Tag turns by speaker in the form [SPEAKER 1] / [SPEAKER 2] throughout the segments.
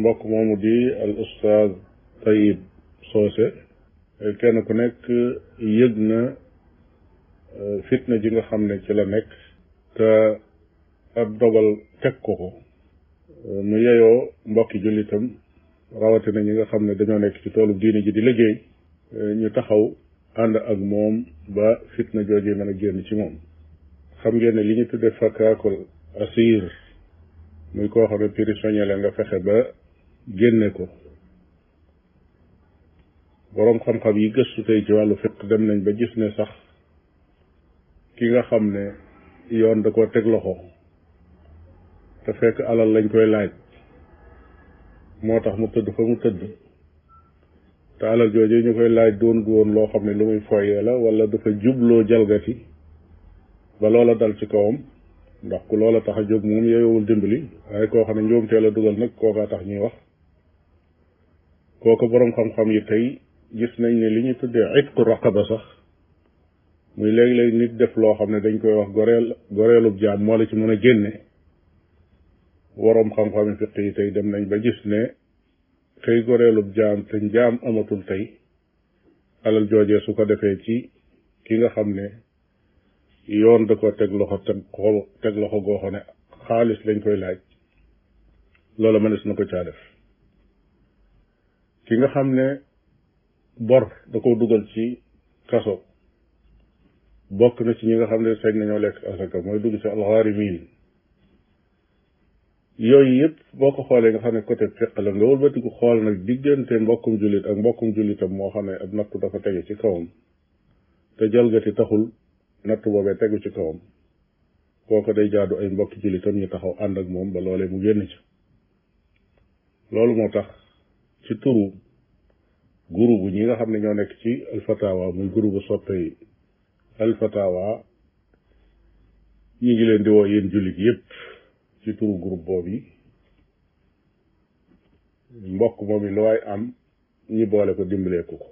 [SPEAKER 1] mbokk di al لقمة tayib soose kenn ku nekk yëg na fitna ji nga xam ne ci la nekk te ab dogal teg ko ko mu yeyoo mbokki jullitam rawatina ñi nga xam ne dañoo nekk ci toolu diine ji di liggéey ñu taxaw ànd ak moom ba fitna jooju mën a génn ci moom xam ngeen ne li ñu tuddee fakaakul asir muy koo xam ne prisonnier la nga fexe ba génne ko boroom xam-xam yi gëstu tey ci wàllu fiq dem nañ ba gis ne sax ki nga xam ne yoon da koo teg loxo te fekk alal lañ koy laaj moo tax mu tëdd fa mu tëdd te alal jooju ñu koy laaj doon du woon loo xam ne lu muy foyee la wala dafa jubloo jalgati ba loola dal ci kawam ndax ku loola tax a jóg moom yeyowul dimbali waaye koo xam ne njuumtee la dugal nag kookaa tax ñuy wax kooku boroom xam-xam yi tey gis nañ ne li ñu tuddee itqu ba sax muy léegi-léegi nit def loo xam ne dañ koy wax goreel goreelub jaam moo la ci mën a génne waroom xam-xam yi fiq tey dem nañ ba gis ne kay goreelub jaam te jaam amatul tey alal joojee su ko defee ci ki nga xam ne yoon da ko teg loxo teg ko teg loxo goo xam ne xaalis lañ koy laaj loola mënees na ko caa def ki nga xam ne bor da ko dugal ci kaso bokk na ci ñi nga xam ne sañ nañoo lekk asaka mooy dugg ci alxaarimiin yooyu yëpp boo ko xoolee nga xam ne côté fiq la nga wëlbatiku xool nag diggante mbokkum jullit ak mbokkum jullitam moo xam ne ab nattu dafa tege ci kawam te jalgati taxul nattu boobee tegu ci kawam kooko day jaadu ay mbokki jullitam ñu taxaw ànd ak moom ba loolee mu génn ci loolu moo tax ci turu gurubu ñi nga xam ne ñoo nekk ci alfatawa muy gurubu soppe yi alfatawa ñu ngi leen di woo yéen jullit yépp ci turu groupe boobu yi mbokk moom yi lu waay am ñi boole ko dimbaleeku ko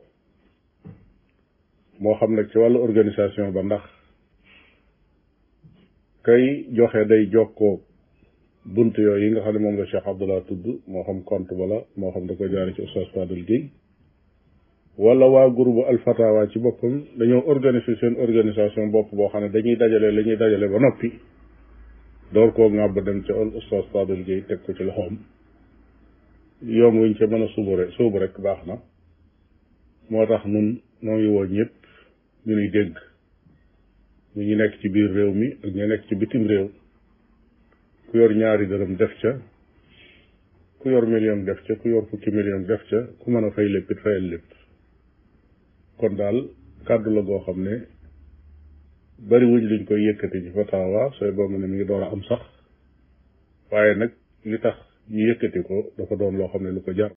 [SPEAKER 1] moo xam nag ci wàllu organisation ba ndax kay joxe day jokkoo bunt yooyu yi nga xam ne moom la Cheikh Abdallah tudd moo xam compte bala moo xam da ko jaare ci Oustaz Fadel Gueye wala waa groupe Al ci boppam dañoo organiser seen organisation bopp boo xam ne dañuy dajalee la ñuy dajale ba noppi door koo ŋàbb dem ca al oustaz Fadel Gueye teg ko ci loxoom yoon wuñ ca mën a suubare suubu rek baax na moo tax nun noo ngi woo ñëpp ñu nuy dégg ñu nekk ci biir réew mi ak ñu nekk ci bitim réew ku yor ñaari dërëm def ca ku yor million def ca ku yor fukki million def ku mën a fay lépp it fayal lépp kon daal kàddu la goo xam ne bari wuñ luñ koy yëkkati ci fataawa sooy boo ne mi ngi doon a am sax waaye nag li tax ñu yëkkati ko dafa doon loo xam ne lu ko jar